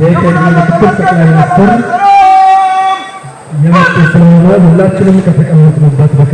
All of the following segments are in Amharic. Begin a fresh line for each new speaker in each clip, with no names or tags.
የኢፌዴሪ ምክትል ጠቅላይ ሚኒስትር የመጡ ስለሆነ ሁላችንም ከተቀመጥንበት በክ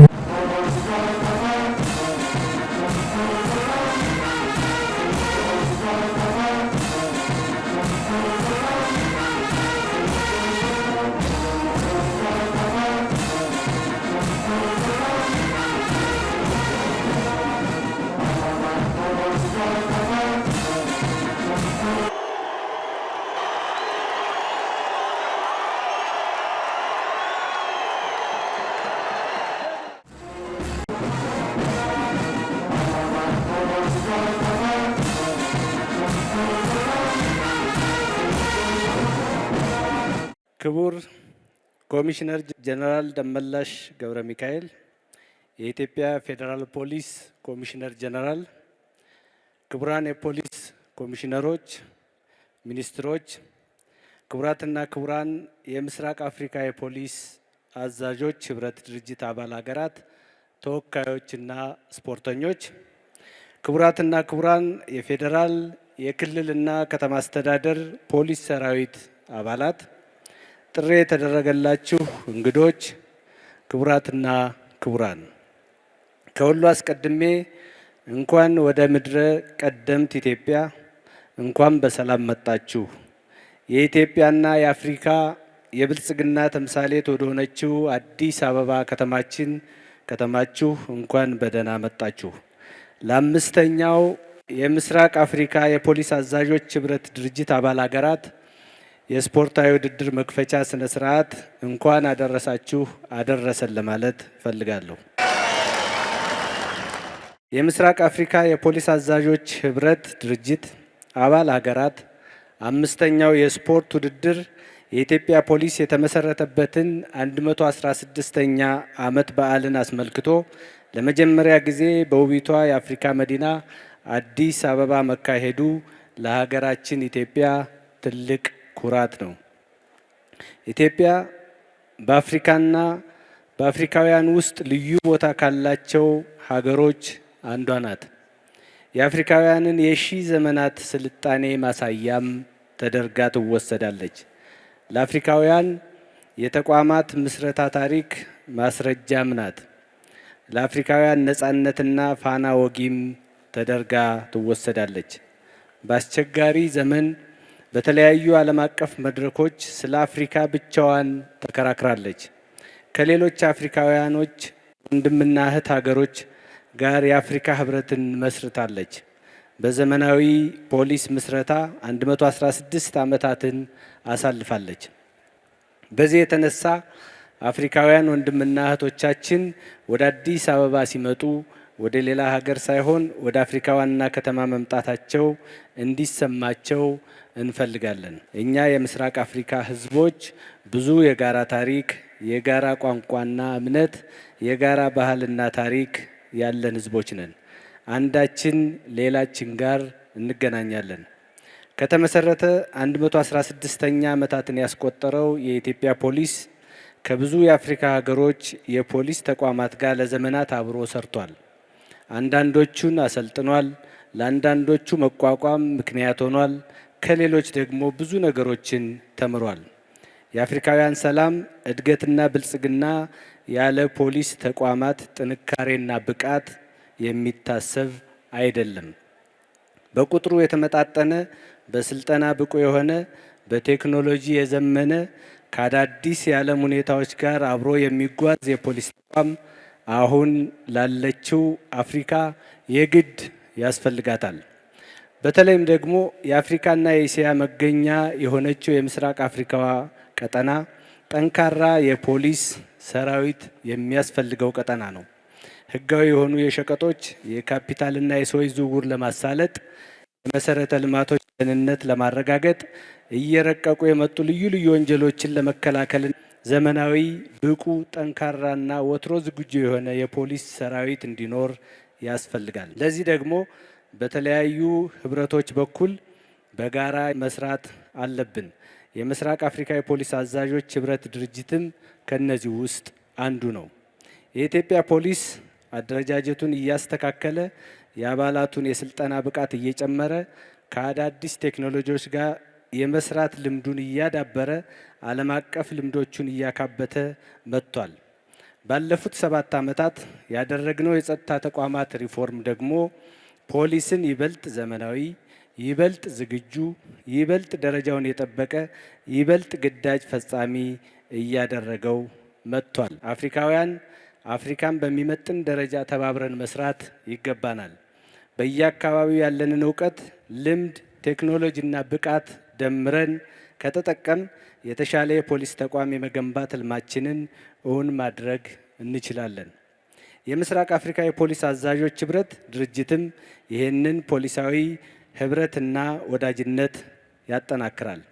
ክቡር ኮሚሽነር ጀነራል ደመላሽ ገብረ ሚካኤል፣ የኢትዮጵያ ፌዴራል ፖሊስ ኮሚሽነር ጀነራል፣ ክቡራን የፖሊስ ኮሚሽነሮች፣ ሚኒስትሮች፣ ክቡራትና ክቡራን የምስራቅ አፍሪካ የፖሊስ አዛዦች ህብረት ድርጅት አባል ሀገራት ተወካዮችና ስፖርተኞች፣ ክቡራትና ክቡራን የፌዴራል የክልልና ከተማ አስተዳደር ፖሊስ ሰራዊት አባላት ጥሪ የተደረገላችሁ እንግዶች፣ ክቡራትና ክቡራን ከሁሉ አስቀድሜ እንኳን ወደ ምድረ ቀደምት ኢትዮጵያ እንኳን በሰላም መጣችሁ። የኢትዮጵያና የአፍሪካ የብልጽግና ተምሳሌት ወደ ሆነችው አዲስ አበባ ከተማችን ከተማችሁ እንኳን በደህና መጣችሁ። ለአምስተኛው የምስራቅ አፍሪካ የፖሊስ አዛዦች ህብረት ድርጅት አባል ሀገራት የስፖርታዊ ውድድር መክፈቻ ስነ ስርዓት እንኳን አደረሳችሁ አደረሰን ለማለት ፈልጋለሁ። የምስራቅ አፍሪካ የፖሊስ አዛዦች ህብረት ድርጅት አባል ሀገራት አምስተኛው የስፖርት ውድድር የኢትዮጵያ ፖሊስ የተመሰረተበትን 116ኛ ዓመት በዓልን አስመልክቶ ለመጀመሪያ ጊዜ በውቢቷ የአፍሪካ መዲና አዲስ አበባ መካሄዱ ለሀገራችን ኢትዮጵያ ትልቅ ኩራት ነው። ኢትዮጵያ በአፍሪካና በአፍሪካውያን ውስጥ ልዩ ቦታ ካላቸው ሀገሮች አንዷ ናት። የአፍሪካውያንን የሺ ዘመናት ስልጣኔ ማሳያም ተደርጋ ትወሰዳለች። ለአፍሪካውያን የተቋማት ምስረታ ታሪክ ማስረጃም ናት። ለአፍሪካውያን ነጻነትና ፋና ወጊም ተደርጋ ትወሰዳለች። በአስቸጋሪ ዘመን በተለያዩ ዓለም አቀፍ መድረኮች ስለ አፍሪካ ብቻዋን ተከራክራለች። ከሌሎች አፍሪካውያኖች ወንድምና እህት ሀገሮች ጋር የአፍሪካ ህብረትን መስርታለች። በዘመናዊ ፖሊስ ምስረታ 116 ዓመታትን አሳልፋለች። በዚህ የተነሳ አፍሪካውያን ወንድምና እህቶቻችን ወደ አዲስ አበባ ሲመጡ ወደ ሌላ ሀገር ሳይሆን ወደ አፍሪካ ዋና ከተማ መምጣታቸው እንዲሰማቸው እንፈልጋለን። እኛ የምስራቅ አፍሪካ ህዝቦች ብዙ የጋራ ታሪክ፣ የጋራ ቋንቋና እምነት፣ የጋራ ባህልና ታሪክ ያለን ህዝቦች ነን። አንዳችን ሌላችን ጋር እንገናኛለን። ከተመሰረተ 116ኛ ዓመታትን ያስቆጠረው የኢትዮጵያ ፖሊስ ከብዙ የአፍሪካ ሀገሮች የፖሊስ ተቋማት ጋር ለዘመናት አብሮ ሰርቷል። አንዳንዶቹን አሰልጥኗል። ለአንዳንዶቹ መቋቋም ምክንያት ሆኗል። ከሌሎች ደግሞ ብዙ ነገሮችን ተምሯል። የአፍሪካውያን ሰላም እድገትና ብልጽግና ያለ ፖሊስ ተቋማት ጥንካሬና ብቃት የሚታሰብ አይደለም። በቁጥሩ የተመጣጠነ በስልጠና ብቁ የሆነ በቴክኖሎጂ የዘመነ ከአዳዲስ የዓለም ሁኔታዎች ጋር አብሮ የሚጓዝ የፖሊስ ተቋም አሁን ላለችው አፍሪካ የግድ ያስፈልጋታል። በተለይም ደግሞ የአፍሪካና የእስያ መገኛ የሆነችው የምስራቅ አፍሪካ ቀጠና ጠንካራ የፖሊስ ሰራዊት የሚያስፈልገው ቀጠና ነው። ህጋዊ የሆኑ የሸቀጦች የካፒታልና የሰዎች ዝውውር ለማሳለጥ የመሰረተ ልማቶች ደህንነት ለማረጋገጥ እየረቀቁ የመጡ ልዩ ልዩ ወንጀሎችን ለመከላከል ዘመናዊ፣ ብቁ፣ ጠንካራና ወትሮ ዝግጁ የሆነ የፖሊስ ሰራዊት እንዲኖር ያስፈልጋል። ለዚህ ደግሞ በተለያዩ ህብረቶች በኩል በጋራ መስራት አለብን። የምስራቅ አፍሪካ የፖሊስ አዛዦች ህብረት ድርጅትም ከነዚህ ውስጥ አንዱ ነው። የኢትዮጵያ ፖሊስ አደረጃጀቱን እያስተካከለ የአባላቱን የስልጠና ብቃት እየጨመረ ከአዳዲስ ቴክኖሎጂዎች ጋር የመስራት ልምዱን እያዳበረ ዓለም አቀፍ ልምዶቹን እያካበተ መጥቷል። ባለፉት ሰባት ዓመታት ያደረግነው የጸጥታ ተቋማት ሪፎርም ደግሞ ፖሊስን ይበልጥ ዘመናዊ፣ ይበልጥ ዝግጁ፣ ይበልጥ ደረጃውን የጠበቀ፣ ይበልጥ ግዳጅ ፈጻሚ እያደረገው መጥቷል። አፍሪካውያን አፍሪካን በሚመጥን ደረጃ ተባብረን መስራት ይገባናል። በየአካባቢው ያለንን እውቀት፣ ልምድ፣ ቴክኖሎጂና ብቃት ደምረን ከተጠቀም የተሻለ የፖሊስ ተቋም የመገንባት ህልማችንን እውን ማድረግ እንችላለን። የምስራቅ አፍሪካ የፖሊስ አዛዦች ህብረት ድርጅትም ይህንን ፖሊሳዊ ህብረትና ወዳጅነት ያጠናክራል።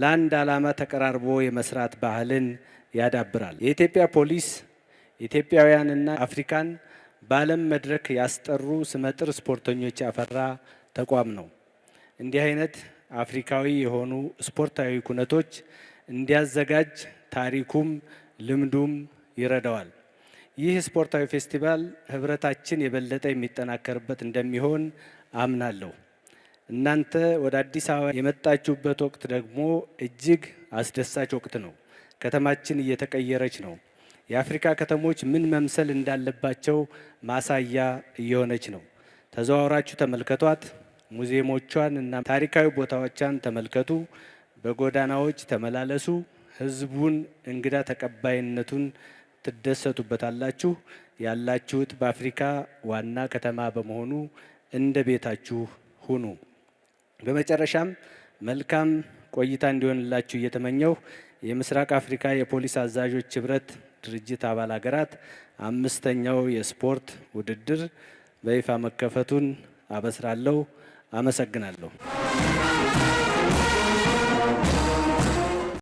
ለአንድ ዓላማ ተቀራርቦ የመስራት ባህልን ያዳብራል። የኢትዮጵያ ፖሊስ ኢትዮጵያውያንና አፍሪካን በዓለም መድረክ ያስጠሩ ስመጥር ስፖርተኞች ያፈራ ተቋም ነው። እንዲህ አይነት አፍሪካዊ የሆኑ ስፖርታዊ ኩነቶች እንዲያዘጋጅ ታሪኩም ልምዱም ይረዳዋል። ይህ ስፖርታዊ ፌስቲቫል ህብረታችን የበለጠ የሚጠናከርበት እንደሚሆን አምናለሁ። እናንተ ወደ አዲስ አበባ የመጣችሁበት ወቅት ደግሞ እጅግ አስደሳች ወቅት ነው። ከተማችን እየተቀየረች ነው። የአፍሪካ ከተሞች ምን መምሰል እንዳለባቸው ማሳያ እየሆነች ነው። ተዘዋውራችሁ ተመልከቷት። ሙዚየሞቿን እና ታሪካዊ ቦታዎቿን ተመልከቱ፣ በጎዳናዎች ተመላለሱ፣ ህዝቡን እንግዳ ተቀባይነቱን ትደሰቱበታላችሁ። ያላችሁት በአፍሪካ ዋና ከተማ በመሆኑ እንደ ቤታችሁ ሁኑ። በመጨረሻም መልካም ቆይታ እንዲሆንላችሁ እየተመኘሁ የምስራቅ አፍሪካ የፖሊስ አዛዦች ህብረት ድርጅት አባል ሀገራት አምስተኛው የስፖርት ውድድር በይፋ መከፈቱን አበስራለሁ። አመሰግናለሁ።